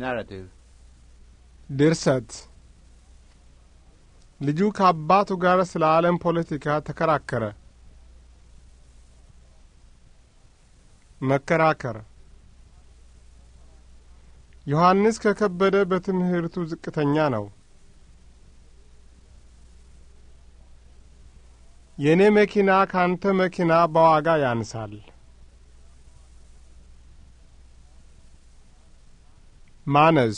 ናራቲቭ ድርሰት ልጁ ከአባቱ ጋር ስለ ዓለም ፖለቲካ ተከራከረ። መከራከር ዮሐንስ ከከበደ በትምህርቱ ዝቅተኛ ነው። የእኔ መኪና ካንተ መኪና በዋጋ ያንሳል። ማነዝ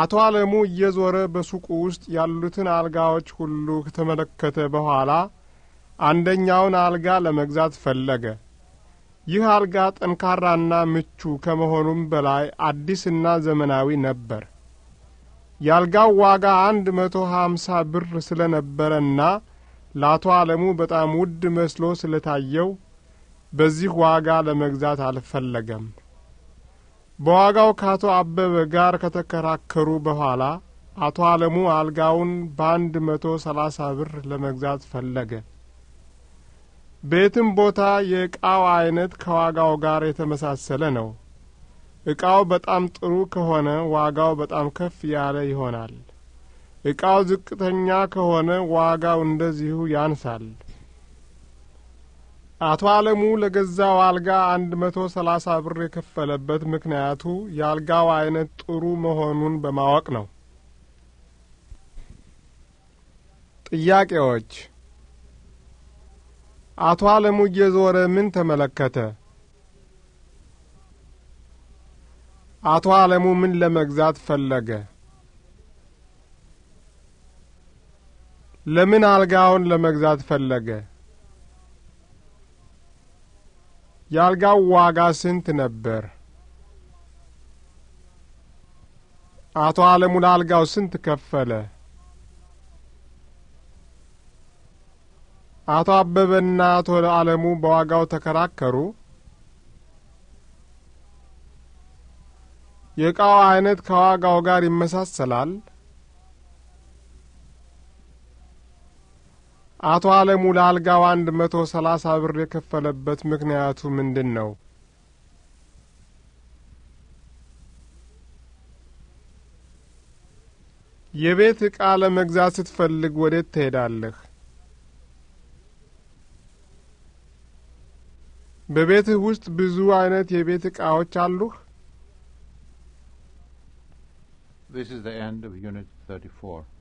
አቶ አለሙ እየዞረ በሱቁ ውስጥ ያሉትን አልጋዎች ሁሉ ከተመለከተ በኋላ አንደኛውን አልጋ ለመግዛት ፈለገ። ይህ አልጋ ጠንካራና ምቹ ከመሆኑም በላይ አዲስና ዘመናዊ ነበር። የአልጋው ዋጋ አንድ መቶ ሀምሳ ብር ስለነበረና ለአቶ አለሙ በጣም ውድ መስሎ ስለታየው በዚህ ዋጋ ለመግዛት አልፈለገም። በዋጋው ከአቶ አበበ ጋር ከተከራከሩ በኋላ አቶ አለሙ አልጋውን በአንድ መቶ ሰላሳ ብር ለመግዛት ፈለገ። ቤትም ቦታ የዕቃው አይነት ከዋጋው ጋር የተመሳሰለ ነው። ዕቃው በጣም ጥሩ ከሆነ ዋጋው በጣም ከፍ ያለ ይሆናል። ዕቃው ዝቅተኛ ከሆነ ዋጋው እንደዚሁ ያንሳል። አቶ አለሙ ለገዛው አልጋ አንድ መቶ ሰላሳ ብር የከፈለበት ምክንያቱ የአልጋው አይነት ጥሩ መሆኑን በማወቅ ነው። ጥያቄዎች አቶ አለሙ እየዞረ ምን ተመለከተ? አቶ አለሙ ምን ለመግዛት ፈለገ? ለምን አልጋውን ለመግዛት ፈለገ? የአልጋው ዋጋ ስንት ነበር? አቶ አለሙ ለአልጋው ስንት ከፈለ? አቶ አበበና አቶ አለሙ በዋጋው ተከራከሩ? የእቃው አይነት ከዋጋው ጋር ይመሳሰላል? አቶ አለሙ ለአልጋው አንድ መቶ ሰላሳ ብር የከፈለበት ምክንያቱ ምንድን ነው? የቤት ዕቃ ለመግዛት ስትፈልግ ወዴት ትሄዳለህ? በቤትህ ውስጥ ብዙ አይነት የቤት ዕቃዎች አሉህ? This is the end of Unit 34.